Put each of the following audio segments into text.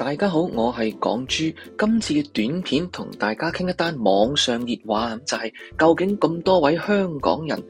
大家好，我係港豬，今次嘅短片同大家傾一單網上熱話，就係、是、究竟咁多位香港人。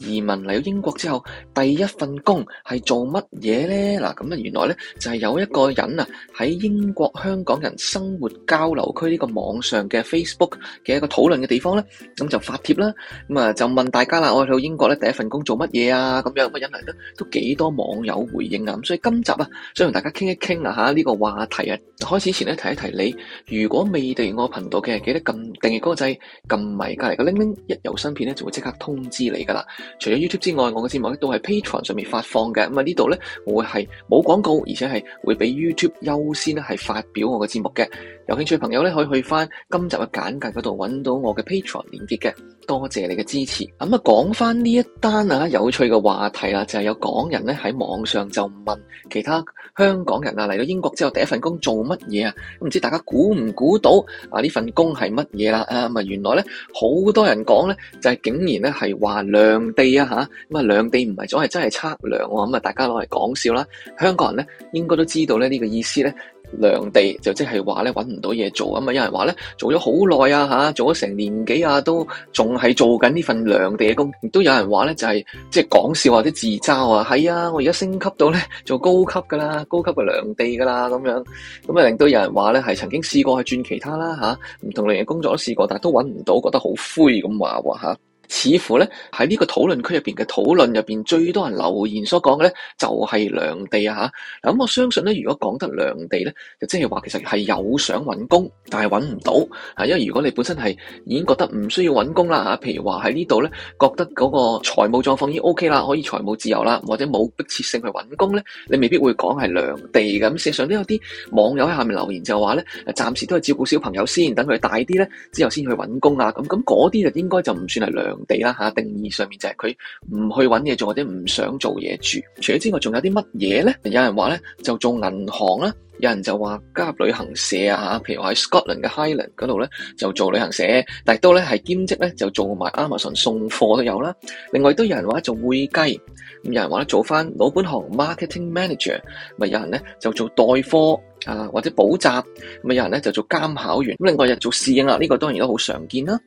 移民嚟到英國之後，第一份工係做乜嘢呢？嗱，咁啊，原來呢，就係有一個人啊喺英國香港人生活交流區呢個網上嘅 Facebook 嘅一個討論嘅地方呢，咁就發帖啦，咁啊就問大家啦，我去到英國呢，第一份工做乜嘢啊？咁樣咁引嚟呢都幾多網友回應啊！咁所以今集啊，想同大家傾一傾啊吓呢個話題啊。開始前呢，提一提你，如果未訂閱我頻道嘅，記得撳訂閱嗰個掣，撳埋隔離個鈴鈴，一有新片呢就會即刻通知你噶啦。除咗 YouTube 之外，我嘅節目都係 Patreon 上面發放嘅。咁啊，呢度咧，我會係冇廣告，而且係會俾 YouTube 優先咧係發表我嘅節目嘅。有興趣嘅朋友咧，可以去翻今集嘅簡介嗰度搵到我嘅 Patreon 連結嘅。多謝你嘅支持。咁啊，講翻呢一單啊，有趣嘅話題啦，就係有港人咧喺網上就問其他香港人啊，嚟到英國之後第一份工做乜嘢啊？唔知大家估唔估到啊？呢份工係乜嘢啦？啊，咪原來咧好多人講咧，就係竟然咧係話量地啊吓。咁啊，量地唔係咗，係真係測量。咁啊，大家攞嚟講笑啦。香港人咧應該都知道咧呢個意思咧。量地就即係話咧揾唔到嘢做，咁有人話咧做咗好耐啊吓，做咗成，啊、年幾啊都仲係做緊呢份量地嘅工，亦都有人話咧就係、是、即係講笑或者自嘲啊，係啊，哎，我而家升級到咧做高級噶啦，高級嘅量地噶啦咁樣，咁啊令到有人話咧係曾經試過去轉其他啦吓，唔同類型工作都試過，但係都揾唔到，覺得好灰咁話喎吓。啊似乎呢，喺呢個討論區入邊嘅討論入邊最多人留言所講嘅呢，就係、是、良地啊吓咁、嗯、我相信呢，如果講得良地呢，就即係話其實係有想揾工但係揾唔到啊因為如果你本身係已經覺得唔需要揾工啦吓譬如話喺呢度呢，覺得嗰個財務狀況已經 OK 啦可以財務自由啦或者冇迫切性去揾工呢，你未必會講係良地咁、嗯、事實上都有啲網友喺下面留言就話呢，暫時都係照顧小朋友先等佢大啲呢，之後先去揾工啦咁咁嗰啲就應該就唔算係地」。地啦吓，定義上面就係佢唔去揾嘢做或者唔想做嘢住。除咗之外，仲有啲乜嘢咧？有人話咧就做銀行啦，有人就話加入旅行社啊吓，譬如話喺 Scotland 嘅 Highland 嗰度咧就做旅行社，但亦都咧係兼職咧就做埋 Amazon 送貨都有啦。另外都有人話做會計，咁有人話咧做翻老本行 Marketing Manager，咪有人咧就做代貨。啊，或者補習，咪有人咧就做監考員，咁另外又做侍應啦，呢個當然都好常見啦。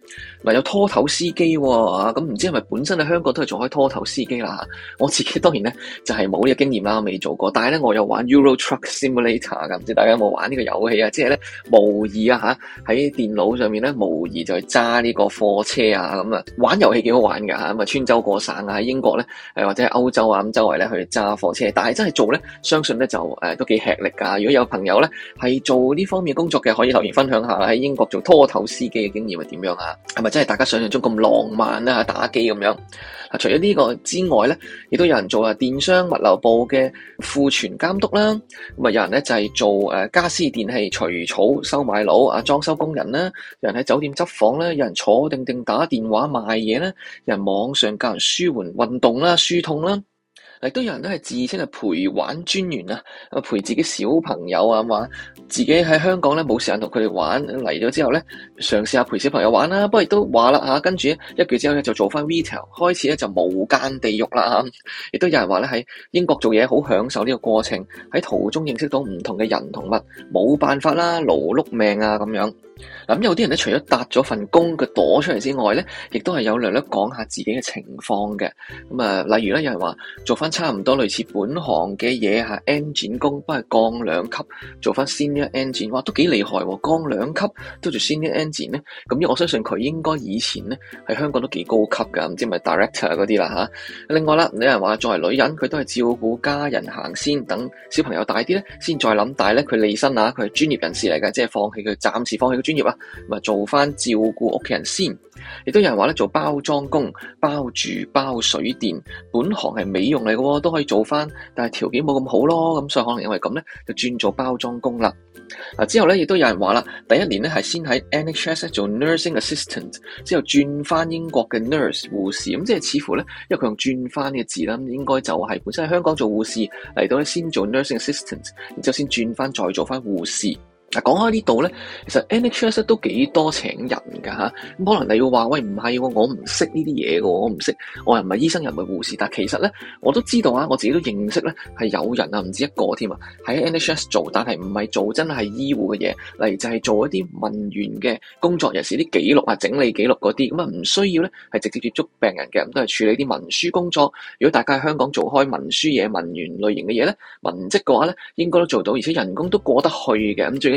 咪、啊、有拖頭司機喎、啊，咁唔知係咪本身喺香港都係做開拖頭司機啦、啊？我自己當然咧就係冇呢個經驗啦，未做過。但係咧我有玩 Euro Truck Simulator 咁，唔知大家有冇玩呢個遊戲啊？即係咧模擬啊喺電腦上面咧模擬就揸呢個貨車啊咁啊，玩遊戲幾好玩㗎，咁啊穿州過省啊喺英國咧或者喺歐洲啊咁周圍咧去揸貨車，但係真係做咧相信咧就誒、啊、都幾吃力㗎。如果有朋友有咧，係做呢方面工作嘅，可以留言分享下喺英國做拖頭司機嘅經驗係點樣啊？係咪真係大家想像中咁浪漫啊？打機咁樣？除咗呢個之外咧，亦都有人做啊電商物流部嘅庫存監督啦，咁啊有人咧就係做家私電器除草收買佬啊裝修工人啦，有人喺酒店執房啦；有人坐定定打電話賣嘢啦；有人網上教人舒緩運動啦、舒痛啦。亦都有人都係自稱係陪玩專員啊，陪自己小朋友啊玩，自己喺香港咧冇時間同佢哋玩，嚟咗之後咧，嘗試下陪小朋友玩啦。不過亦都話啦吓，跟住一句之後咧就做翻 retail，開始咧就無間地獄啦。亦都有人話咧喺英國做嘢好享受呢個過程，喺途中認識到唔同嘅人同物，冇辦法啦，勞碌命啊咁樣。咁有啲人咧，除咗搭咗份工，佢躲出嚟之外咧，亦都係有略略講下自己嘅情況嘅。咁啊，例如咧，有人話做翻差唔多類似本行嘅嘢吓，engine 工，不過降兩級做翻 Senior engineer，哇，都幾厲害喎！降兩級都做 Senior engineer 咧，咁依我相信佢應該以前咧喺香港都幾高級噶，唔知咪 director 嗰啲啦吓。另外啦，有人話作為女人，佢都係照顧家人行先，等小朋友大啲咧，先再諗。但係咧，佢立身啊，佢係專業人士嚟嘅，即係放棄佢暫時放棄。專業啊，做翻照顧屋企人先。亦都有人話咧，做包裝工，包住包水電。本行係美容嚟嘅喎，都可以做翻，但係條件冇咁好咯。咁所以可能因為咁咧，就轉做包裝工啦。啊，之後咧，亦都有人話啦，第一年咧係先喺 NHS 做 nursing assistant，之後轉翻英國嘅 nurse 護士。咁，嗯，即係似乎咧，因為佢用轉翻嘅字啦，應該就係本身喺香港做護士，嚟到咧先做 nursing assistant，然之後先轉翻再做翻護士。嗱，講開呢度咧，其實 NHS 都幾多請人㗎嚇，咁可能你要話喂，唔係喎，我唔識呢啲嘢㗎喎，我唔識，我又唔係醫生，又唔係護士。但其實咧，我都知道啊，我自己都認識咧係有人啊，唔止一個添啊，喺 NHS 做，但係唔係做真係醫護嘅嘢，嚟就係做一啲文員嘅工作，尤其是啲記錄啊、整理記錄嗰啲，咁啊唔需要咧係直接接觸病人嘅，都係處理啲文書工作。如果大家喺香港做開文書嘢、文員類型嘅嘢咧，文職嘅話咧，應該都做到，而且人工都過得去嘅。咁最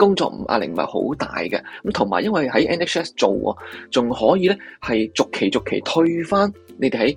工作唔壓力唔係好大嘅，咁同埋因為喺 NHS 做喎，仲可以咧係逐期逐期退翻你哋喺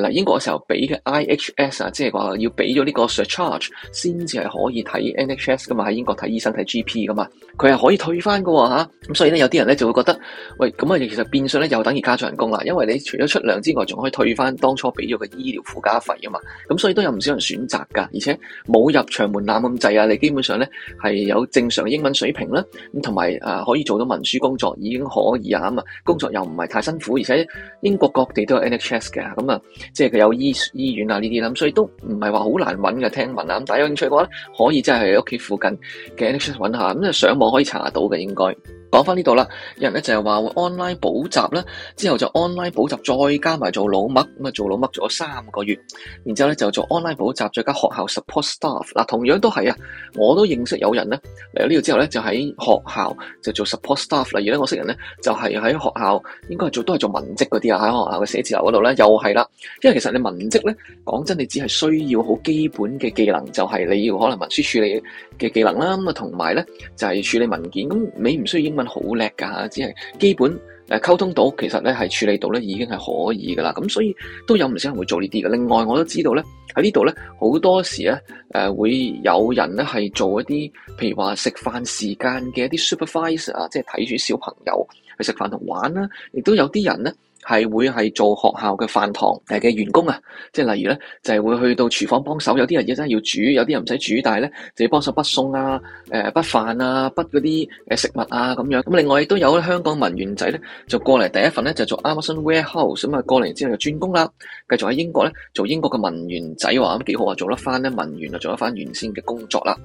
誒英國嘅時候俾嘅 IHS 啊，即係話要俾咗呢個 surcharge 先至係可以睇 NHS 噶嘛，喺英國睇醫生睇 GP 噶嘛，佢係可以退翻嘅吓，咁所以咧有啲人咧就會覺得，喂咁啊其實變相咧又等於加咗人工啦，因為你除咗出糧之外，仲可以退翻當初俾咗嘅醫療附加費啊嘛，咁所以都有唔少人選擇㗎，而且冇入場門檻咁滯啊，你基本上咧係有正常英文，水平啦，咁同埋啊，可以做到文書工作已經可以啊，咁啊工作又唔係太辛苦，而且英國各地都有 NHS 嘅，咁啊，即係佢有醫醫院啊呢啲啦，咁所以都唔係話好難揾嘅聽聞啊，咁大家有興趣嘅話咧，可以即係喺屋企附近嘅 NHS 揾下，咁啊上網可以查到嘅應該。講翻呢度啦，有人咧就係話 online 補習啦，之後就 online 補習再加埋做老麥，咁啊做老麥做咗三個月，然之後咧就做 online 補習再加學校 support staff，嗱同樣都係啊，我都認識有人咧嚟到呢度之後咧。就喺學校就做 support staff，例如咧我識人咧就係喺學校應該係做都係做文職嗰啲啊，喺學校嘅寫字樓嗰度咧又係啦，因為其實你文職咧講真你只係需要好基本嘅技能，就係你要可能文書處理嘅技能啦，咁啊同埋咧就係處理文件，咁你唔需要英文好叻噶，只係基本。誒溝通到，其實咧係處理到咧已經係可以噶啦，咁所以都有唔少人會做呢啲嘅。另外我都知道咧喺呢度咧好多時咧誒、呃、會有人咧係做一啲，譬如話食飯時間嘅一啲 supervise 啊，即係睇住小朋友去食飯同玩啦，亦都有啲人咧。係會係做學校嘅飯堂誒嘅員工啊，即係例如咧就係、是、會去到廚房幫手，有啲人嘢真係要煮，有啲人唔使煮，但係咧就要幫手不餸啊、誒、呃、不飯啊、不嗰啲誒食物啊咁樣。咁另外亦都有香港文員仔咧就過嚟第一份咧就是、做 Amazon Warehouse 咁啊，過嚟之後就轉工啦，繼續喺英國咧做英國嘅文員仔喎，咁幾好啊，做得翻咧文員啊，做得翻原先嘅工作啦。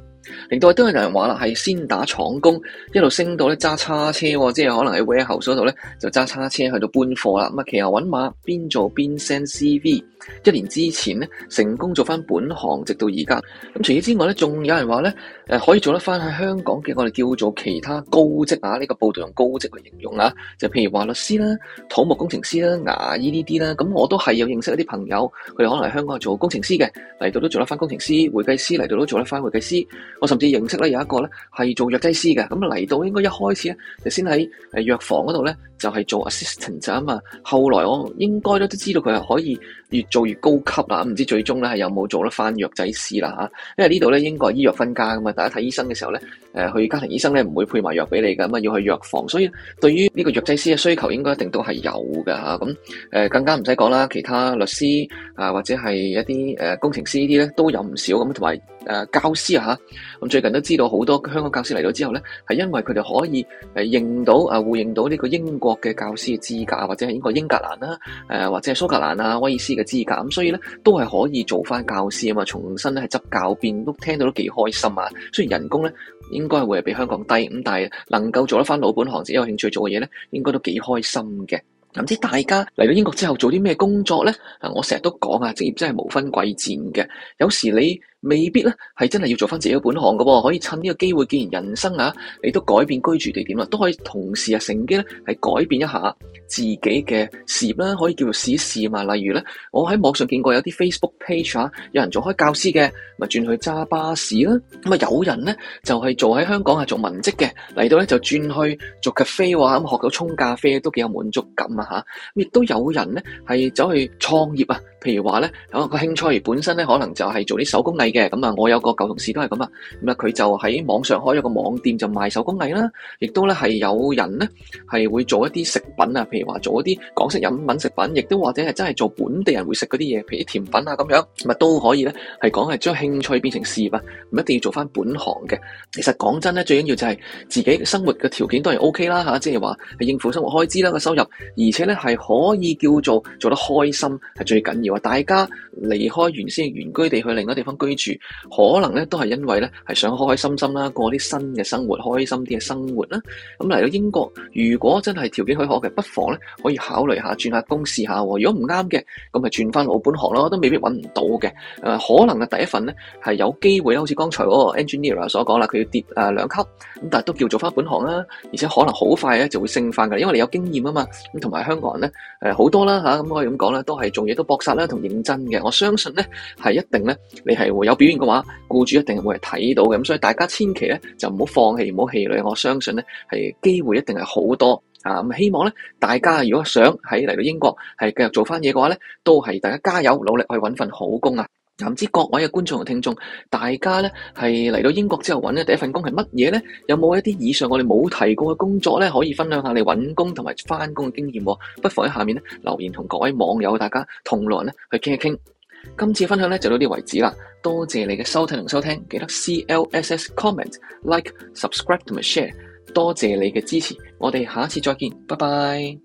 另外都有人話啦，係先打廠工，一路升到咧揸叉車、哦，即係可能喺 warehouse 嗰度咧就揸叉車去到搬貨啦。咁啊騎牛搵馬，邊做邊 send CV，一年之前咧成功做翻本行，直到而家。咁、嗯、除此之外咧，仲有人話咧誒可以做得翻喺香港嘅，我哋叫做其他高職啊，呢、這個報道用高職嚟形容啊。就譬如話律師啦、土木工程師啦、牙醫呢啲啦。咁我都係有認識一啲朋友，佢哋可能喺香港做工程師嘅，嚟到都做得翻工程師、會計師嚟到都做得翻會計師。我甚至認識咧有一個咧係做藥劑師嘅，咁嚟到應該一開始咧就先喺誒藥房嗰度咧就係、是、做 assistant 啊嘛，後來我應該都都知道佢係可以越做越高級啦，唔知最終咧係有冇做得返藥劑師啦嚇，因為呢度咧應該係醫藥分家噶嘛，大家睇醫生嘅時候咧。誒，去家庭醫生咧唔會配埋藥俾你噶，咁啊要去藥房。所以對於呢個藥劑師嘅需求，應該一定都係有㗎。咁、啊、更加唔使講啦，其他律師啊，或者係一啲、啊、工程師呢啲咧都有唔少。咁同埋誒教師啊，咁最近都知道好多香港教師嚟到之後咧，係因為佢哋可以誒認到啊互認到呢個英國嘅教師嘅資格，或者係英國英格蘭啦、啊啊，或者係蘇格蘭啊威爾斯嘅資格。咁、啊、所以咧都係可以做翻教師啊嘛，重新咧執教鞭，都聽到都幾開心啊。雖然人工咧。應該會係比香港低，咁但係能夠做得返老本行，自己有興趣做嘅嘢咧，應該都幾開心嘅。唔知大家嚟到英國之後做啲咩工作咧？嗱，我成日都講啊，職業真係無分貴賤嘅，有時你。未必咧，係真係要做翻自己嘅本行喎。可以趁呢個機會，既然人生啊，你都改變居住地點啦，都可以同時啊，乘機咧係改變一下自己嘅事業啦，可以叫做試試嘛。例如咧，我喺網上見過有啲 Facebook page 啊，有人做開教師嘅，咪轉去揸巴士啦。咁啊，有人咧就係做喺香港係做文職嘅，嚟到咧就轉去做咖啡喎，咁學到沖咖啡都幾有滿足感啊吓。咁亦都有人咧係走去創業啊，譬如話咧，有個興趣本身咧可能就係做啲手工藝。嘅咁啊，我有個舊同事都係咁啊，咁啊佢就喺網上開咗個網店，就賣手工藝啦，亦都咧係有人咧係會做一啲食品啊，譬如話做一啲港式飲品食品，亦都或者係真係做本地人會食嗰啲嘢，譬如甜品啊咁樣，咁啊都可以咧係講係將興趣變成事業啊，唔一定要做翻本行嘅。其實講真咧，最緊要就係自己生活嘅條件都係 OK 啦吓，即係話係應付生活開支啦個收入，而且咧係可以叫做做得開心係最緊要啊！大家離開原先嘅原居地去另外一個地方居住。住可能咧都係因為咧係想開開心心啦，過啲新嘅生活，開心啲嘅生活啦。咁嚟到英國，如果真係條件許可嘅，不妨咧可以考慮下轉下工試下。如果唔啱嘅，咁咪轉翻老本行咯，都未必搵唔到嘅。誒，可能嘅第一份咧係有機會咧，好似剛才嗰個 engineer 所講啦，佢要跌誒兩級，咁但係都叫做翻本行啦，而且可能好快咧就會升翻噶，因為你有經驗啊嘛。咁同埋香港人咧誒好多啦吓，咁可以咁講咧，都係做嘢都搏殺啦，同認真嘅。我相信咧係一定咧，你係會。有表現嘅話，僱主一定會係睇到嘅，咁所以大家千祈咧就唔好放棄，唔好氣餒。我相信咧係機會一定係好多啊！咁、嗯、希望咧大家如果想喺嚟到英國係繼續做翻嘢嘅話咧，都係大家加油努力去搵份好工啊！唔知各位嘅觀眾同聽眾，大家咧係嚟到英國之後搵咧第一份工係乜嘢咧？有冇一啲以上我哋冇提過嘅工作咧可以分享下你搵工同埋翻工嘅經驗，啊？不妨喺下面咧留言同各位網友大家同台咧去傾一傾。今次分享呢就到呢度為止啦，多謝你嘅收聽同收聽，記得 C L S S comment like subscribe 同埋 share，多謝你嘅支持，我哋下次再見，拜拜。